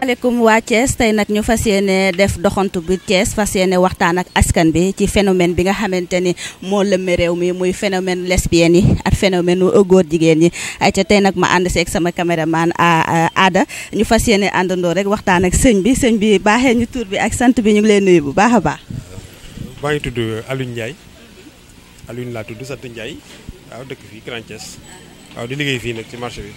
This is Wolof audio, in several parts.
maaleykum waa Thiès tey nag ñu fas yéene def doxantu bu Thiès fas yéene waxtaan ak askan bi ci phénomène bi nga xamante ni moo lëmbe réew mi muy phénomène lesbienne yi ak phénomène góor jigéen yi ay ca tey nag ma ànd seeg sama caméraman aada ñu fas yéene àndandoo rek waxtaan ak sëñ bi sëñ bi baaxee ñu tur bi ak sant bi ñu ngi lay nuyu bu baax a baax. maa ngi tudd Alioune Ndiaye Alioune ci marché bi.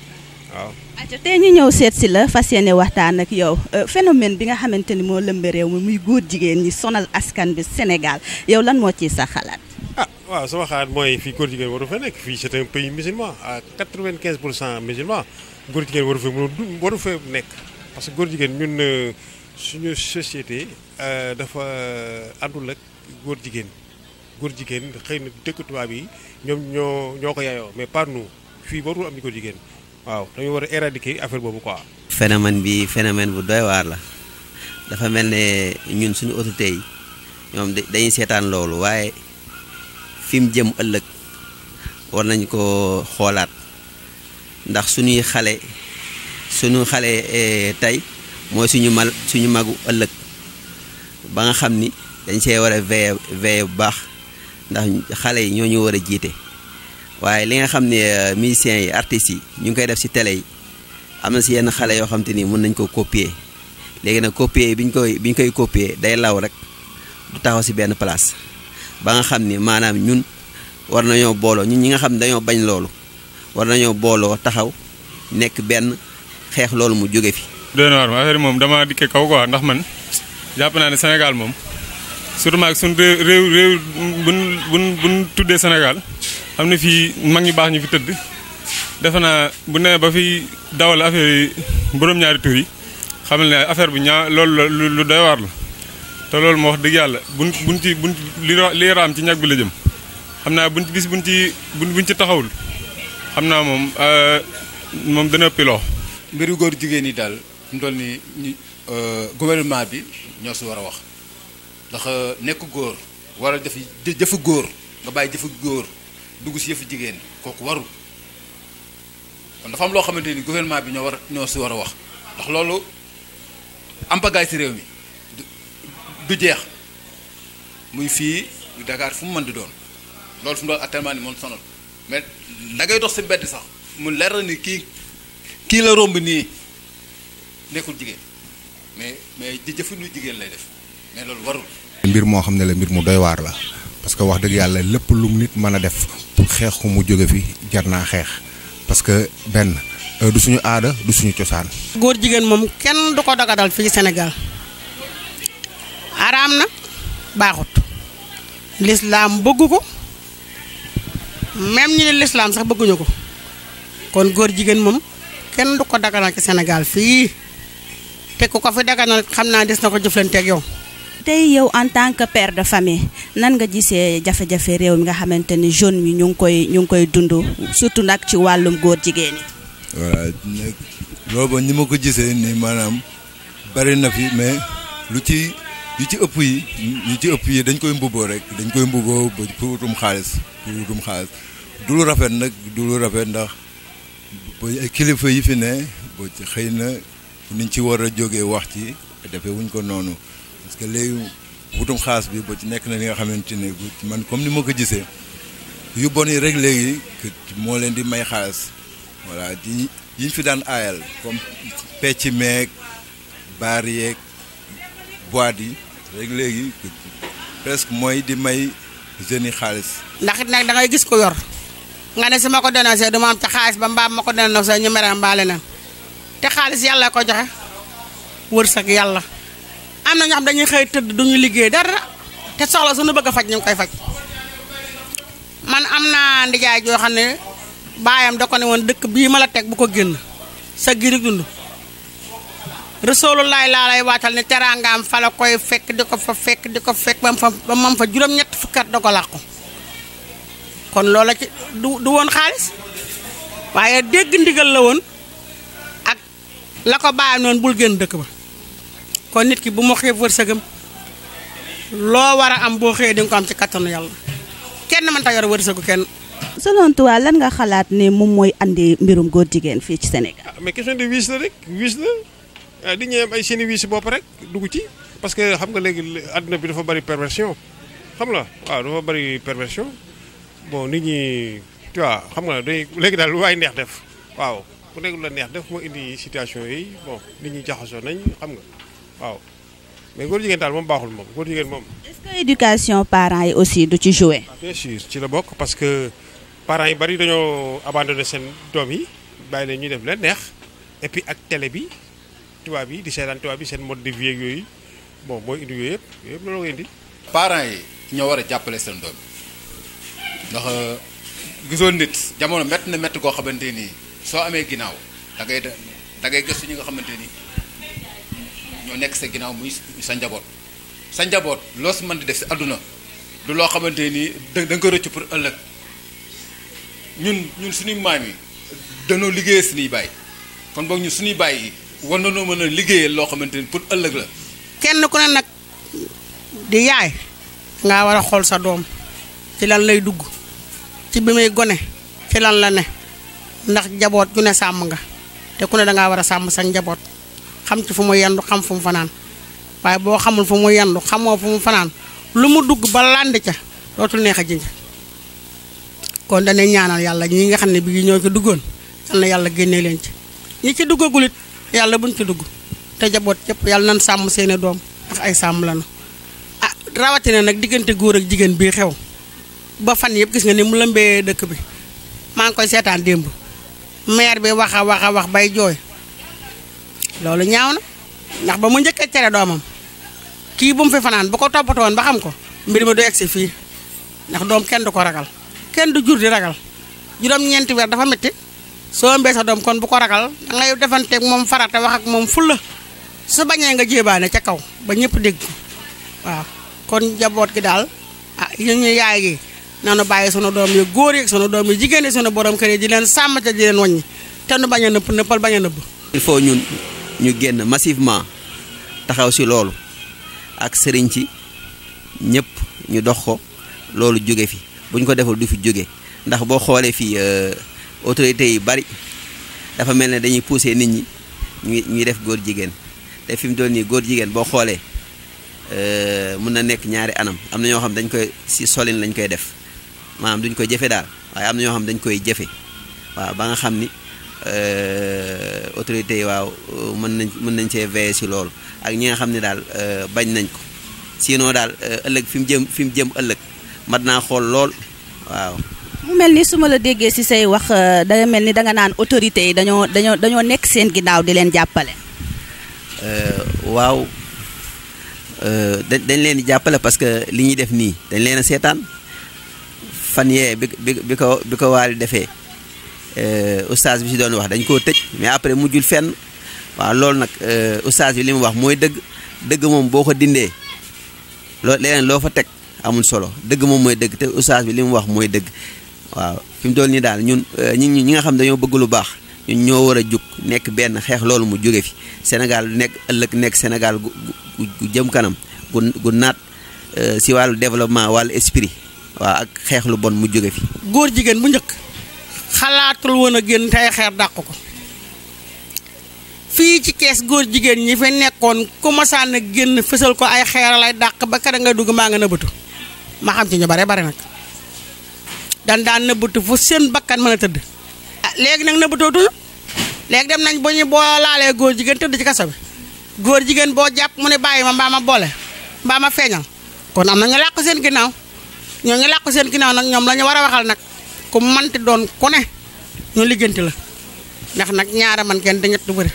waaw. ati te ñu ñëw seet si la fa yéene waxtaan ak yow euh, phénomène bi nga xamante ni moo lëmbe réew mi muy góor jigéen ñi sonal askan bi Sénégal yow lan moo ciy sa xalaat. ah waaw sama xalaat mooy fii góor jigéen waru fa nekk fii c'est un pays musulman à 95 pour cent musulman góor jigéen waru fa mën a waru fa nekk parce que góor jigéen ñun euh, suñu société euh, dafa àndul ak góor jigéen góor jigéen xëy na dëkk tubaab yi ñoom ñoo ñoo ko yaayoo mais par nous fii warul am góor jigéen. waaw dañu war a éradiquer affaire boobu quoi. phénomène bi phénomène bu doy waar la dafa mel ne ñun suñu autorité yi ñoom dañuy seetaan loolu waaye fi mu jëm ëllëg war nañ ko xoolaat ndax suñuy xale suñu xale e, tey mooy suñu mal suñu magu ëllëg ba nga xam ni dañ see war a veiller bu baax ndax xale yi ñoo ñu war a jiite. waaye li nga xam ne euh, musiciens yi artistes yi ñu ngi koy def si télé yi am na si yenn xale yoo xam te ni mën nañ koo copier léegi nag copier bi ñu koy bi ñu koy copier day law rek du taxaw si benn place ba nga xam ni maanaam ñun war nañoo booloo ñun ñi nga xam ne dañoo bañ loolu war nañoo booloo taxaw nekk benn xeex loolu mu jóge fi. doon waar moom dama dikkee kaw quoi ndax man jàpp naa ne Sénégal moom surtout maag réew réew buñ buñ buñ tuddee Sénégal. am na fii mag ñu baax ñu fi tëdd defe naa bu nee ba fi dawal affaire yi borom ñaari tur yi xamal ne affaire bu ñaa loolu lu doy waar la te loolu moo wax dëgg yàlla buñ buñ ci buñ li raam ci ñag bi la jëm xam naa buñ bis buñ ci buñ ci taxawul xam naa moom euh, moom dana piloo mbiru góor jigéen yi daal mu toll ni ñu euh, gouvernement bi ñoo si war a wax ndax euh, nekk góor war a def jëfu góor nga bàyyi jëf góor dugg si yëfu jigéen kooku warul kon dafa am loo xamante ni gouvernement bi ñoo war ñoo si war a wax ndax loolu am bagaay si réew mi du jeex muy fii du fu mu mën di doon loolu fu mu doon actuellement moom sonal mais da ngay dox si mbedd sax mu leer ni kii kii la romb nii nekkul jigéen mais mais jëfinu jigéen lay def mais loolu warul. mbir moo xam ne la mbir mu doy waar la. parce que wax dëgg yàlla lépp lum nit mën a def xeex ko mu jóge fi jar naa xeex parce que benn euh, du suñu aada du suñu cosaan. góor jigéen moom kenn du ko dagadal fii senegal araam na baaxut lislaam bëggu ko même ñi ne lislaam sax bëgguñu ko kon góor jigéen moom kenn du ko daganal ci Sénégal fii te ku ko fi daganal xam naa des na ko jëflanteeg yow. tey yow en tant que père de famille nan nga gisee jafe-jafe réew mi nga xamante ni jeune yi ñu ngi koy ñu ngi koy dund surtout nag ci wàllum góor jigéen yi. voilà loolu ni ma ko gisee ni maanaam bari na fi mais lu ci yu ci ëpp yi lu ci ëpp yi dañ koy mbubboo rek dañ koy mbubboo ba pour wutum xaalis pour wutum xaalis du lu rafet nag du lu rafet ndax ay kilifa yi fi ne ba xëy na niñ ci war jóge wax ci defee wuñ ko noonu. parce que léegi wutum xaalis bi ba ci nekk na li nga xamante ne man comme ni ma ko gisee yu bon yi rek léegi moo leen di may xaalis voilà di yiñ fi daan aayal comme pecc meeg baar yeeg boîte yi rek léegi presque mooy di may jeunes yi xaalis. ndax it nag da gis ko yor. nga ne su ma ko dénoncé du ma am te xaalis ba mbaam ma ko dénoncé ñu mere mbaale na te xaalis yàlla ko joxe wërsëg yàlla. am na ñoo xam dañuy xëy tëdd duñu liggéey dara te soxla suñu bëgg a faj ñu ngi koy faj man am naa ndijaay joo xam ne baayam da ko ne woon dëkk bii ma la teg bu ko génn sa girig dund Rasulullah laa lay waatal ne teraangaam fa la koy fekk di ko fa fekk di ko fekk ba mu fa juróom-ñett fukki da ko làqu kon loola ci du du woon xaalis waaye dégg ndigal la woon ak la ko bàyyi noonu bul génn dëkk ba kon nit ki bu mu xeeb wërsëgam loo war a am boo xëyee di nga ko am ci kattanu yàlla kenn mënta yor wërsëgu kenn. selon toi lan nga xalaat ne moom mooy andi mbirum góor jigéen fii ci Sénégal. Ah, mais question de wiis la rek wiis la ah, di ñëw ay seeni wiis bopp rek dugg ci parce que xam nga léegi àdduna bi dafa bari perversion xam la waaw dafa bari perversion bon nit ñi tu xam nga day léegi daal lu waay neex def waaw ku nekk lu la neex def moo indi situation yi bon nit ñi jaxasoo nañ xam nga. waaw mais góor jigéen daal moom baaxul moom góor jigéen moom. est-ce yi aussi du ci jouer. Ah, bien sûr ci la bokk parce que parents yi bari dañoo abandonné seen doom yi bàyyi leen ñuy def leen neex et puis ak télé bi tubaab yi di seetaan tubaab yi seen mode de vie yooyu bon mooy indi yooyu yëpp yooyu yëpp loolu nga indi. parents yi ñoo war a jàppale seen doom ndax euh, gisoon nit jamono mett na métti koo xamante nii soo amee ginnaaw da ngay da ngay gëstu ñi nga xamante nii. ñoo nekk sa ginnaaw muy sa njaboot sa njaboot loo si man di def si àdduna loo xamante nii da nga pour ëllëg ñun ñun suñuy maam yi danoo liggéeyee suñuy bàyyi kon boog ñun suñuy bàyyi war noo mën a liggéeyee loo xamante ni pour ëllëg la. kenn ku ne nag di yaay ngaa war a xool sa doom ci lan lay dugg ci bi muy gone ci lan la ne ndax njaboot ju ne sàmm nga te ku ne dangaa war a sàmm sa njaboot. xam ci fu mu yendu xam fu mu fanaan waaye boo xamul fu mu yendu xamoo fu mu fanaan lu mu dugg ba lànd ca dootul neex a jinj kon dana ñaanal yàlla ñi nga xam ne bi ñoo ci duggoon yal yàlla génne leen ci ñi ci duggagul it yàlla buñ ci dugg te jaboot yëpp yàlla nan sàmm seeni doom ndax ay sàmm lañu ah rawatina nag diggante góor ak jigéen bii xew ba fan yëpp gis nga ni mu lëmbee dëkk bi maa ngi koy seetaan démb maire bi wax bay jooy loolu ñaaw na ndax ba mu njëkk tere doomam kii bu mu fi fanaan bu ko toppatoon ba xam ko mbir ma du egsi fii ndax doom kenn du ko ragal kenn du jur di ragal juróom-ñeenti weer dafa métti soo mbeesa doom kon bu ko ragal da ngay defanteeg moom farata wax ak moom fulla su bañee nga jébaane ca kaw ba ñëpp dégg ko waaw kon jaboot gi daal ah yéen ñu yaay gi nanu bàyyi sunu doom yu góor yi sunu doom yu jigéen yi sunu borom kër yi di leen sàmm ca di leen wàññi te nu bañ a nëpp nëppal bañ il faut ñun ñu génn massivement taxaw si loolu ak sëriñ ci ñëpp ñu dox ko loolu jóge fi bu ñu ko deful du fi jóge ndax boo xoolee fii euh, autorités yi bari dafa mel ne dañuy pousser nit ñi ñu ñuy def góor jigéen te fi mu doon nii góor jigéen boo xoolee euh, mën na nekk ñaari anam am na ñoo xam dañ koy si solin lañ koy def maanaam duñ ko jëfe daal waaye am na ñoo xam dañ koy jëfe waaw ba nga xam ni Euh, autorités yi waaw euh, mën nañ mën nañ see veiller si loolu ak ñi nga xam ne daal euh, bañ nañ ko sinon daal ëllëg fi mu jëm fi mu jëm ëllëg mat naa xool lool waaw. mu mel ni su ma la déggee si say wax da mel ni da nga naan autorités yi dañoo dañoo dañoo nekk seen ginnaaw di leen jàppale. waaw dañ leen di jàppale parce que li ñuy def nii dañ leen a seetaan fan yee bi bi ko bi ko waali defee. Euh, oustaz bi si doon wax dañ koo tëj mais après mu jul fenn waaw loolu nag euh, oustaz bi li mu wax mooy dëgg dëgg moom boo ko dindee loo leneen loo fa teg amul solo dëgg moom mooy dëgg te oustaz bi li mu wax mooy dëgg waaw fi mu dool nii daal ñun euh, ñi ñi nga xam dañoo bëgg lu baax ñun ñoo war a jug nekk benn xeex loolu mu jóge fi Sénégal nekk ëllëg nekk Sénégal gu gu jëm kanam gu gu naat si wàllu développement wàllu esprit waaw ak xeex lu bon mu jóge fi. góor jigéen bu njëkk. xalaatul woon a génn tey xeer dàq ko fii ci kees góor jigéen ñi fi nekkoon ku masaan a génn fësal ko ay xeer lay dàq ba kër nga dugg maa nga nëbbatu ma xam ci ñu bare bare nag dan daan nëbbatu fu seen bakkan mën a tëdd ah léegi nag nëbbatootu léegi dem nañ bu ñu boo laalee góor jigéen tëdd ci kaso bi góor jigéen boo jàpp mu ne bàyyi ma mbaa ma boole mbaa ma feeñal kon am na ñu làq seen ginnaaw ñoo ñu làq seen ginnaaw nag ñoom lañu war a waxal nag ku manti doon ku ne ñu liggéeyante la ndax nag ñaara man kenn te bari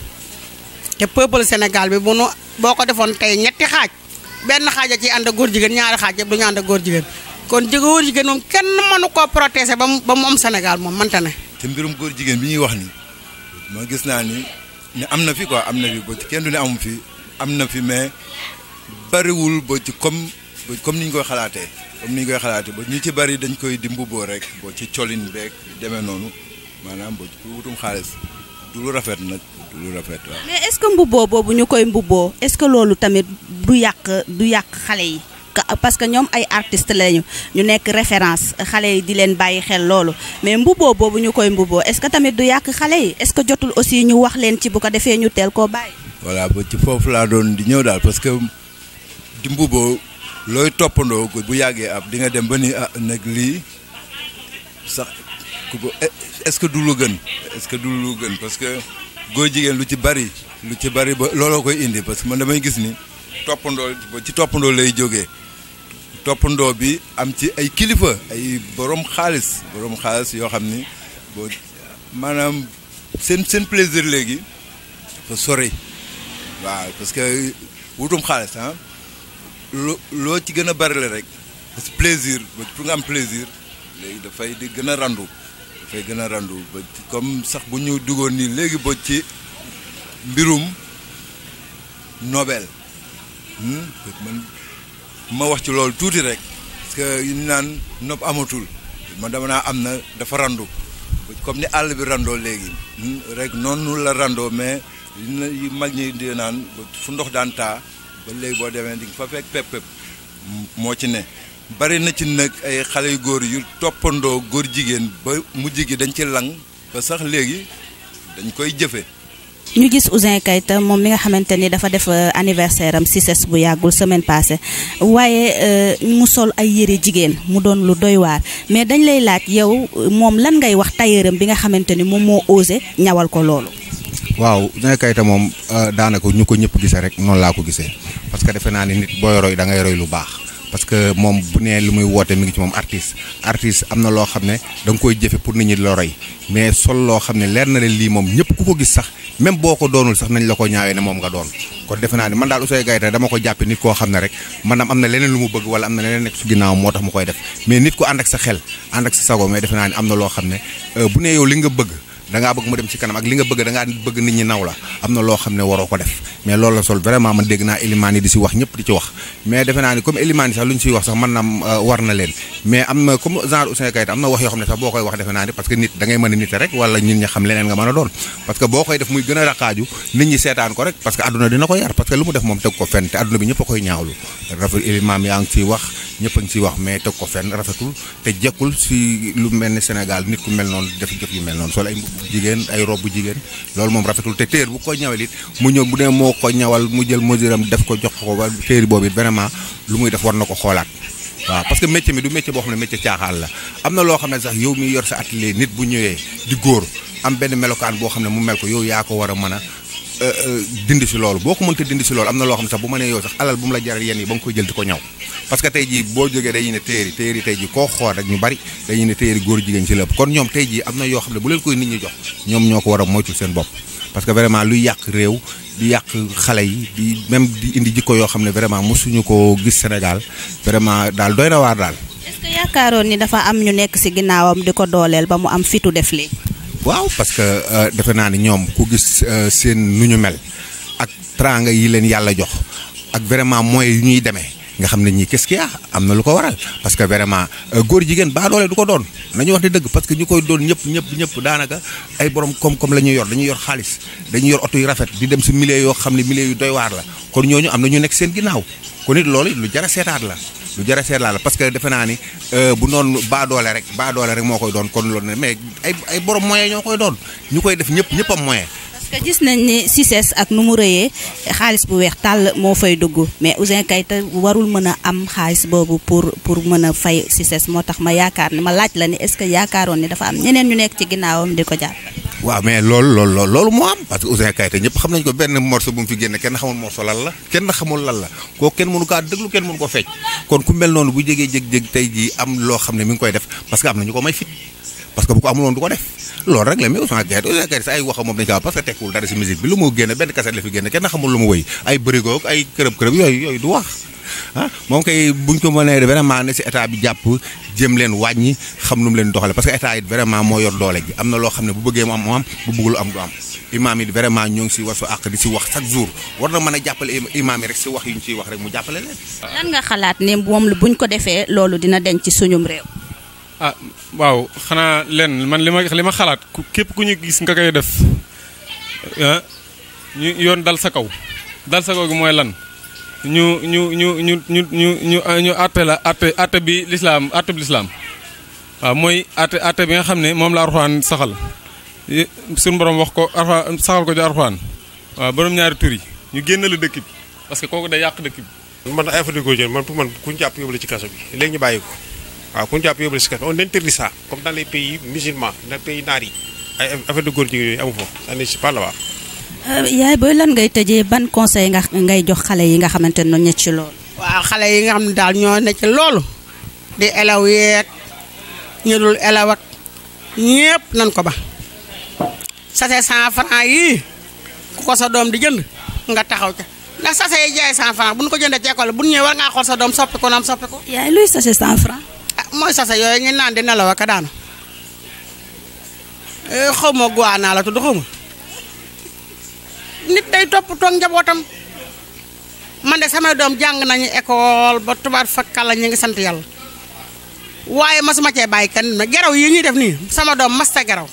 te peuple senegal bi bu nu boo ko defoon tey ñetti xaaj benn xaaj a ciy ànd ak góor jigéen ñaari xaaj yëpp du ñu ànd ak góor jigéen kon jigéen góor jigéen moom kenn mënu koo protéger ba mu ba mu am moom mënta ne. te mbirum góor jigéen bi ñuy wax ni ma gis naa ni ne am na fi quoi am na fi ba ci kenn du ne amu fi am na fi mais bariwul ba ci comme ni ñu koy xalaatee comme ni ñu koy xalaatee ba ñu ci bari dañ koy di mbubboo rek boo ci colin rek demee noonu maanaam boo ci wutum lu rafet nag du mais est-ce que mbubboo ñu koy mbubboo est-ce que loolu tamit du yàq du yàq xale yi. parce que ñoom ay artistes lañu ñu nekk référence xale yi di leen bàyyi xel loolu mais mbubboo boobu ñu koy mbubboo est-ce que tamit du yàq xale yi est-ce que jotul aussi ñu leen ci ko defee ñu teel koo bàyyi. voilà ba foofu laa doon di ñëw daal parce que di mbubboo looy toppandoo ko bu yàggee ab di nga dem ba ni ah nag lii sax ku ko eh, est-ce que du lu gën est-ce que du lu gën parce que góor jigéen lu ci bari lu ci bari ba looloo koy indi parce que man damay gis ni toppandoo ci toppandoo lay jógee toppandoo bi am ci ay kilifa ay boroom xaalis borom xaalis yoo xam ni boo maanaam seen seen plaisir léegi dafa sori waaw parce que wutum xaalis ah. loo loo ci gën a bari la rek parce que plaisir ba pour nga am plaisir léegi dafay di gën a randu dafay gën a randu ba comme sax bu ñu duggoon nii léegi ba ci mbirum Nobel hmm? man ma wax ci loolu tuuti rek parce que naan nopp amatul ma dama naa am na dafa randu comme ni àll bi randoo léegi hmm? rek noonu la randoo mais yi mag ñi di naan fu ndox daan taa ba léegi boo demee di nga fa fekk pepp pepp moo ci ne bari na ci nag ay xale yu góor yu toppandoo góor jigéen ba mujj gi dañ ci lang ba sax léegi dañ koy jëfe ñu gis Ouzin Keita moom mi nga xamante ni dafa def euh, anniversaire am si ses bu yàggul semaine passée waaye euh, mu sol ay yére jigéen mu doon lu doy waar mais dañ lay laaj yow euh, moom lan ngay wax tailleuram bi nga xamante ni moom moo osé ñawal ko loolu. waaw Ouzin Keita moom euh, daanaka ñu ko ñëpp gisee rek noonu laa ko gisee parce que defe naa ne nit booy roy da ngay roy lu baax. parce que moom bu nee lu muy wootee mu ngi ci moom artiste artiste am na loo xam ne da koy jëfe pour nit ñi la roy mais sol loo xam ne leer na leen lii moom ñëpp ku ko gis sax même boo ko doonul sax nañ la ko ñaawee ne moom nga doon kon defe naa ne man daal Ouzin Keita dama ko jàppe nit koo xam ne rek maanaam am na leneen lu mu bëgg wala am na leneen nekk su ginnaaw moo tax mu koy def mais nit ko ànd ak sa xel ànd ak sa sago mais defe naa ni am na loo xam ne euh, bu nee yow li nga bëgg da ngaa bëgg mu dem ci kanam ak li nga bëgg nit ñi naw la am na loo xam ne waroo ko def mais loolu la sol vraiment di si wax ñëpp di ci wax mais defe naa ni comme élimaan sax lu ñu siy wax sax mën na euh, war na leen mais am na comme genre Ouzin Keita am na wax yoo xam ne sax boo koy wax defe naa ni parce que nit da mën a nit rek wala nit ñi xam leneen nga mën a doon parce que boo koy def muy gën a raqaaju nit ñi seetaan ko rek parce que àdduna dina ko yar parce que lu mu def moom teg ko fenn te àdduna ñëpp a ngi ciy wax mais teg ko fenn rafetul te jekkul si lu mel ni senegal nit ku mel noonu def jëf yu mel noonu sol ay jigéen ay rob jigéen loolu moom rafetul te téer bu ko ñawal it mu ñëw bu ne moo ko ñawal mu jël mesure am def ko jox ko ba téer boobu it vraiment lu muy def war na ko xoolaat waaw parce que métier mi du métier boo xam ne métier caaxaan la am na loo xam ne sax yow mi yor sa atelier nit bu ñëwee di góor am benn melokaan boo xam ne mu mel ko yow yaa ko war a mën a euh, euh, dindi si loolu boo ko mënta dindi si loolu am na loo xam la jaral yenn yi ba koy jël ko ñaw parce que tey jii boo jógee dañuy ne téere téere tey jii koo xool rek ñu bari dañuy ne téere góor jigéen ci lépp kon ñoom tey jii am na yoo xam ne bu leen koy nit ñi jox ñoom ñoo ko war a moytul seen bopp parce que vraiment luy yàq réew di yàq xale yi di même di indi jikko yoo xam ne vraiment mosuñu ko gis Sénégal vraiment daal doy na daal. est-ce dafa am ñu nekk ci ginnaawam di ko dooleel ba mu am fitu def lii. waaw parce que euh, defe naa ni ñoom ku gis euh, seen nu ñu mel ak tranga yi leen yàlla jox ak vraiment moyens yu ñuy demee. nga xam ne ñii qu'est-ce a am na lu ko waral parce que vraiment euh, góor jigéen baadoole doole du ko doon nañu wax di dëgg parce que ñu koy doon ñëpp ñëpp ñëpp daanaka ay borom koom-koom la ñuy yor dañuy yor xaalis dañuy yor oto yu rafet di si milieu yoo xam ne milieu yu doy la kon ñooñu am na ñu nekk seen ginnaaw kon lu jar a la lu jar a seetaat la que defe naa ni euh, bu noonu baa rek baa doole moo koy doon kon loolu mais ay ay ñoo koy doon ñu koy def ñëpp ñëpp am moyen parce gis nañ ne CICES ak nu mu rëyee xaalis bu weex tàll moo fay dugg mais Ouzin Keita warul mën a am xaalis boobu pour pour mën a fay CICES moo tax ma yaakaar ne ma laaj la ne est yaakaaroon ne dafa am ñeneen ñu nekk ci ginnaawam di ko jàpp. waaw mais loolu loolu loolu loolu moo am parce que Ouzin Keita xam nañ ko benn morceau bu mu fi génne kenn xamul morceau lan la kenn xamul lan la kooku kenn mënu kaa déglu kenn mënu ko fecc kon ku mel noonu bu jegee jég jég tey jii am loo xam ne mi ngi koy def parce que am ko may fit. parce que bu ko amuloon du ko def loolu rek la mais Ousmane Gueye Ousmane sa ay waxam moom dañ ko parce que tekkul dara si musique bi lu mu génne benn cassette fi génne kenn xamul lu mu wëy ay bërigoog ay kërëb kërëb yooyu du wax ah moom kay xam nu mu leen doxale parce que ne bu bëggee mu am mu am bu am du yi vraiment ñoo ngi si wasu àq di si wax chaque jour war na mën a jàppale imaam yi rek si wax yu ñu ciy wax rek mu jàppale leen. lan nga xalaat ne moom buñ ko defee loolu dina denc suñum réew. Ah, waaw xanaa lenn man li ma li ma xalaat képp ku ñu gis nga koy def ah, ñu yoon dal sa kaw dal sa kaw gi mooy lan ñu ñu ñu ñu ñu ñu ñu ah, ñu àtte la àtte ate bi lislaam àtte bi lislaam waaw mooy ate ate bi nga xam ne moom la Alxuraan saxal suñu borom wax ko Alxuraan saxal ko ci Alxuraan waaw borom ñaari tur yi ñu génn la dëkk bi parce que kooku day yàq dëkk bi. man ay affaire man pour man ku ñu jàpp la ci kaso bi léegi ñu bàyyi ko. waaw ku ñu jàpp yóbbu la si kaso on interdit ça comme dans les pays musulmans dans pays naar yi ay de góor jigéen yooyu amu fa ça n'existe pas euh, booy lan ngay tëjee ban conseil nga ngay jox xale yi nga xamante ne ñoo ci loolu. waaw xale yi nga xam ne daal ñoo ne ci loolu. di elaw yeeg ñu dul elaw ak ñépp nañ ko ba. sachet cent franc yii ku ko sa doom di jënd nga taxaw ca ndax sachet jaay cent franc bu ñu ko jëndee ci école bu ñu ñëwee war ngaa xool sa doom soppi ko naam soppi ko. yaay luy sachet cent franc. mooy sasa yooyu ngeen naan di nelaw ak daanu eh, xaw ma guwaanaa la tudd xaw nit day topp toog njabootam man de sama doom jàng nañu école ba tubaab fakkal la ñu ngi sant yàlla waaye masuma cee bàyyi kan ma geraw yi ñuy def nii sama doom masta geraw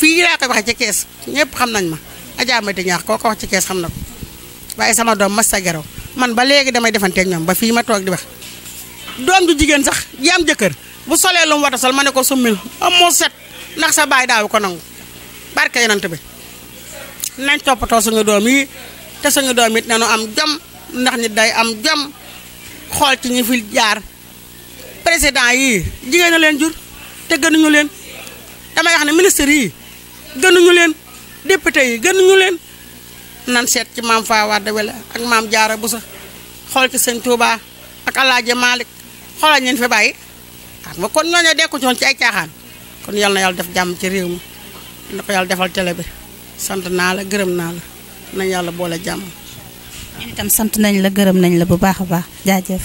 fii laa koy waxee ci kees ñëpp xam nañ ma Adja Mati ñaax koo ko wax ci kees xam na ko waaye sama doom masta geraw man ba léegi damay defanteeg ñoom ba fii ma toog di wax. doom ju jigéen sax yaam jëkkër bu solee lu mu war a ma ne ko summil am moo set ndax sa baay daaw ko nangu barke yonent bi nañ toppatoo suñu doom yi te suñu doom it nañu am jom ndax nit day am jom xool ci ñu fi jaar président yi jigéen leen jur te gënuñu leen damay wax ne ministre yi gënuñu leen député yi gënuñu leen nan seet ci maam Fawade Wele ak maam Jaara Buso xool ci sëñ Tuubaa ak Alaaji Maalik xoolal ñu fi bàyyi xam kon ñooñu dekku ci woon ci ay caaxaan kon yàlla na yàlla def jàmm ci réew mi na ko yàlla defal télé bi sant naa la gërëm naa la nañ yàlla boole jàmm. ñun sant nañ la gërëm nañ la bu baax a baax jaajëf.